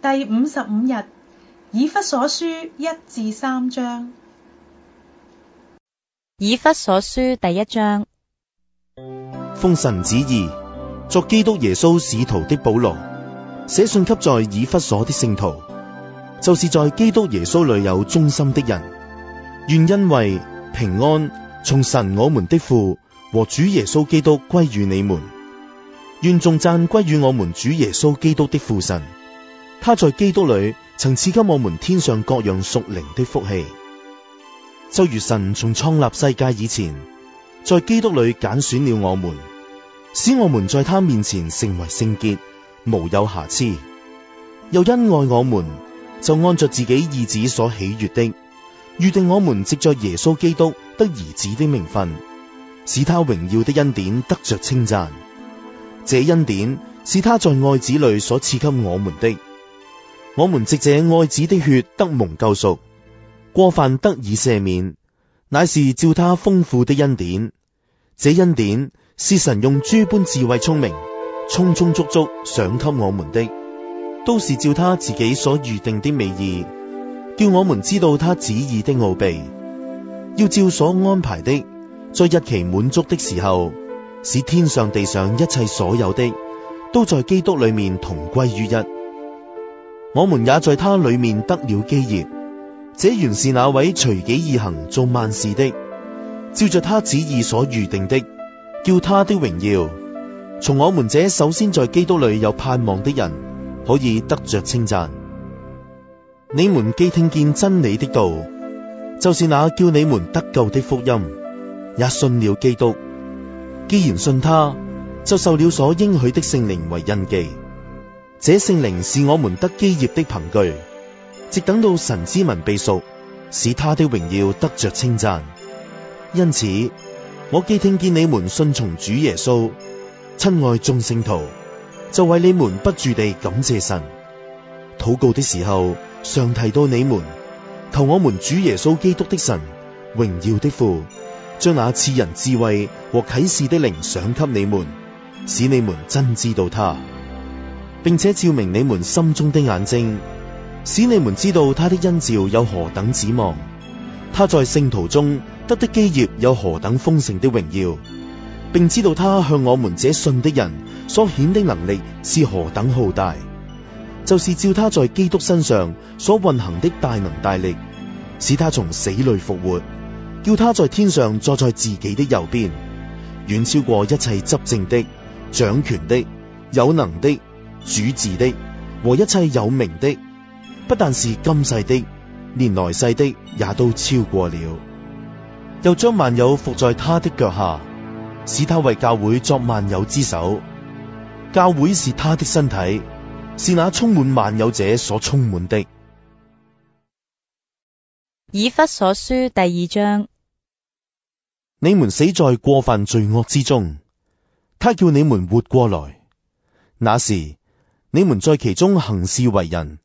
第五十五日以弗所書一至三章。以弗所書第一章。奉神旨意，作基督耶穌使徒的保羅，寫信給在以弗所的聖徒，就是在基督耶穌裏有忠心的人，願因為平安從神我們的父和主耶穌基督歸於你們，願頌讚歸於我們主耶穌基督的父神。他在基督裏曾賜給我們天上各樣屬靈的福氣，就如神從創立世界以前，在基督裏揀選了我們，使我們在他面前成為聖潔，無有瑕疵；又因愛我們，就按着自己意旨所喜悅的，預定我們藉着耶穌基督得兒子的名分，使他榮耀的恩典得着稱讚。這恩典是他在愛子裏所賜給我們的。我們藉這愛子的血得蒙救贖，過犯得以赦免，乃是照他豐富的恩典。這恩典是神用諸般智慧聰明，充充足足賞給我們的，的都是照他自己所預定的美意，叫我們知道他旨意的奧秘，要照所安排的，在日期滿足的時候，使天上地上一切所有的，都在基督裏面同歸於一。我們也在他裏面得了基業，這原是那位隨己意行做萬事的，照着他旨意所預定的，叫他的榮耀從我們這首先在基督裏有盼望的人可以得着稱讚。你們既聽見真理的道，就是那叫你們得救的福音，也信了基督，既然信他，就受了所應許的聖靈為印記。這聖靈是我們得基業的憑據，直等到神之民被贖，使他的榮耀得着稱讚。因此，我既聽見你們信從主耶穌，親愛眾聖徒，就為你們不住地感謝神。禱告的時候，常提到你們，求我們主耶穌基督的神，榮耀的父，將那賜人智慧和啟示的靈賞給你們，使你們真知道他。並且照明你們心中的眼睛，使你們知道他的恩召有何等指望，他在聖徒中得的基業有何等豐盛的榮耀，並知道他向我們這信的人所顯的能力是何等浩大，就是照他在基督身上所運行的大能大力，使他從死裏復活，叫他在天上坐在自己的右邊，遠超過一切執政的、掌權的、有能的。主治的和一切有名的，不但是今世的，連來世的也都超過了。又將萬有伏在他的腳下，使他為教會作萬有之首。教會是他的身體，是那充滿萬有者所充滿的。以弗所書第二章：你們死在過犯罪惡之中，他叫你們活過來，那時，你們在其中行事為人，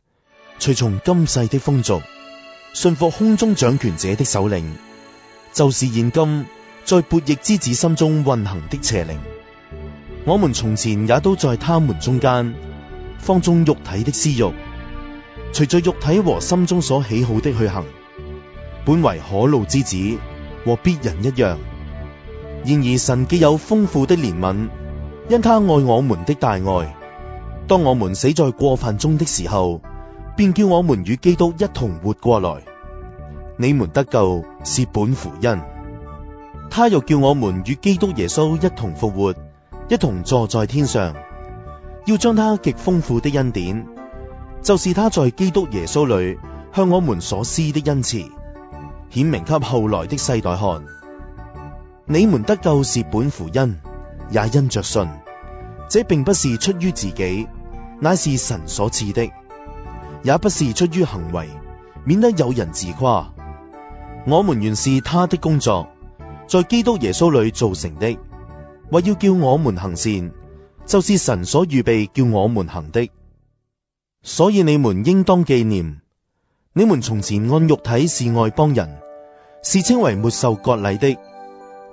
隨從今世的風俗，順服空中掌權者的首領，就是現今在悖逆之子心中運行的邪靈。我們從前也都在他們中間，放縱肉體的私欲，隨着肉體和心中所喜好的去行，本為可怒之子，和別人一樣。然而神既有豐富的憐憫，因他愛我們的大愛。當我們死在過犯中的時候，便叫我們與基督一同活過來。你們得救是本乎恩。他又叫我們與基督耶穌一同復活，一同坐在天上。要將他極豐富的恩典，就是他在基督耶穌裏向我們所施的恩慈，顯明給後來的世代看。你們得救是本乎恩，也因着信。這並不是出於自己。乃是神所賜的，也不是出於行為，免得有人自誇。我們原是他的工作，在基督耶穌裏造成的，為要叫我們行善，就是神所預備叫我們行的。所以你們應當紀念，你們從前按肉體是外邦人，是稱為沒受割禮的，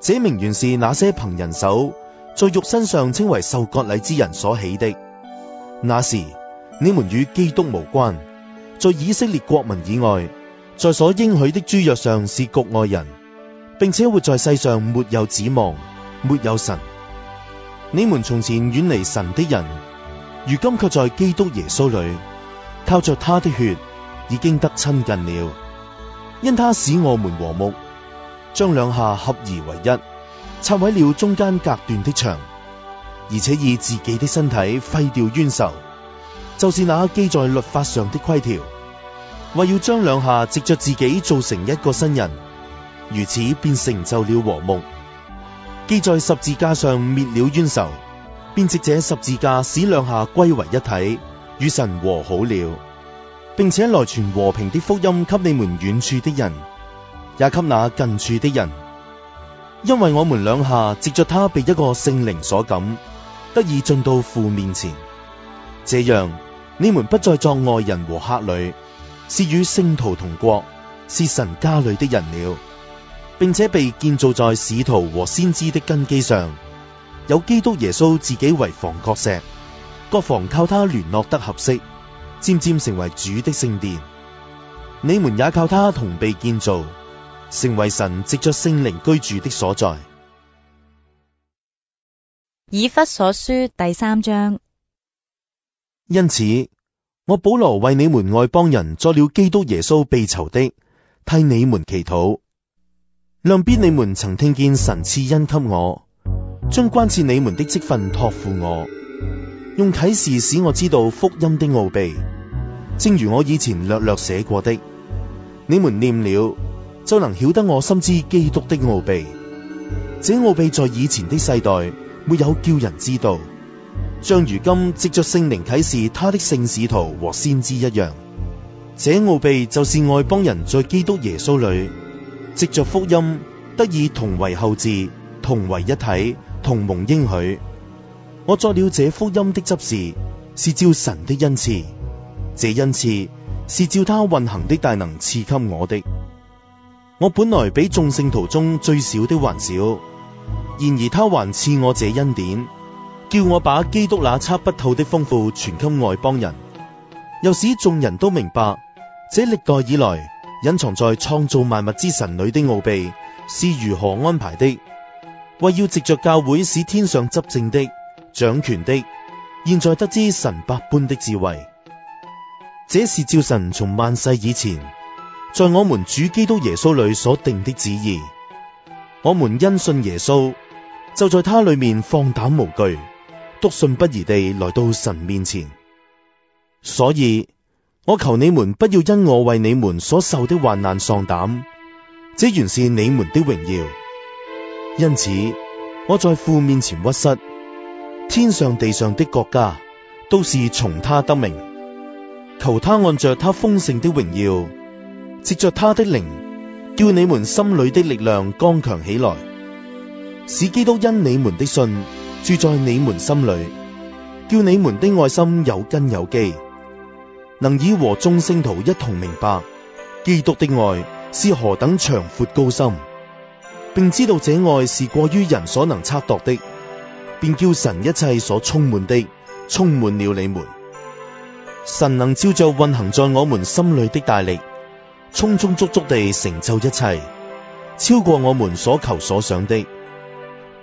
這名原是那些憑人手在肉身上稱為受割禮之人所起的。那時你們與基督無關，在以色列國民以外，在所應許的諸約上是局外人，並且活在世上沒有指望，沒有神。你們從前遠離神的人，如今卻在基督耶穌裏，靠着他的血已經得親近了，因他使我們和睦，將兩下合而為一，拆毀了中間隔斷的牆。而且以自己的身體廢掉冤仇，就是那記在律法上的規條，為要將兩下藉着自己造成一個新人，如此便成就了和睦。既在十字架上滅了冤仇，便藉這十字架使兩下歸為一體，與神和好了，並且來傳和平的福音給你們遠處的人，也給那近處的人，因為我們兩下藉着他被一個聖靈所感。得以進到父面前，這樣你們不再作外人和客旅，是與聖徒同國，是神家裏的人了，並且被建造在使徒和先知的根基上，有基督耶穌自己為房角石，各房靠他聯絡得合適，漸漸成為主的聖殿。你們也靠他同被建造，成為神藉着聖靈居住的所在。以弗所書第三章。因此，我保羅為你們外邦人作了基督耶穌被囚的，替你們祈禱。諒必你們曾聽見神賜恩給我，將關切你們的職分託付我，用啟示使我知道福音的奧秘，正如我以前略略寫過的。你們念了，就能曉得我深知基督的奧秘。這奧秘在以前的世代。沒有叫人知道，像如今藉着聖靈啟示他的聖使徒和先知一樣，這奧秘就是外邦人在基督耶穌裏藉着福音得以同為後嗣，同為一體，同蒙應許。我作了這福音的執事，是照神的恩賜，這恩賜是照他運行的大能賜給我的。我本來比眾聖徒中最小的還小。然而他還賜我這恩典，叫我把基督那測不透的豐富傳給外邦人，又使眾人都明白這歷代以來隱藏在創造萬物之神裏的奧秘是如何安排的，為要藉着教會使天上執政的掌權的，現在得知神百般的智慧。這是照神從萬世以前在我們主基督耶穌裏所定的旨意。我們因信耶穌。就在他裏面放膽無懼，篤信不疑地來到神面前。所以我求你們不要因我為你們所受的患難喪膽，這原是你們的榮耀。因此我在父面前屈膝，天上地上的國家都是從他得名。求他按着他豐盛的榮耀，藉着他的靈，叫你們心裏的力量剛強起來。使基督因你們的信住在你們心裏，叫你們的愛心有根有基，能以和眾聖徒一同明白基督的愛是何等長闊高深，並知道這愛是過於人所能測度的，便叫神一切所充滿的充滿了你們。神能照着運行在我們心裏的大力，充充足足地成就一切，超過我們所求所想的。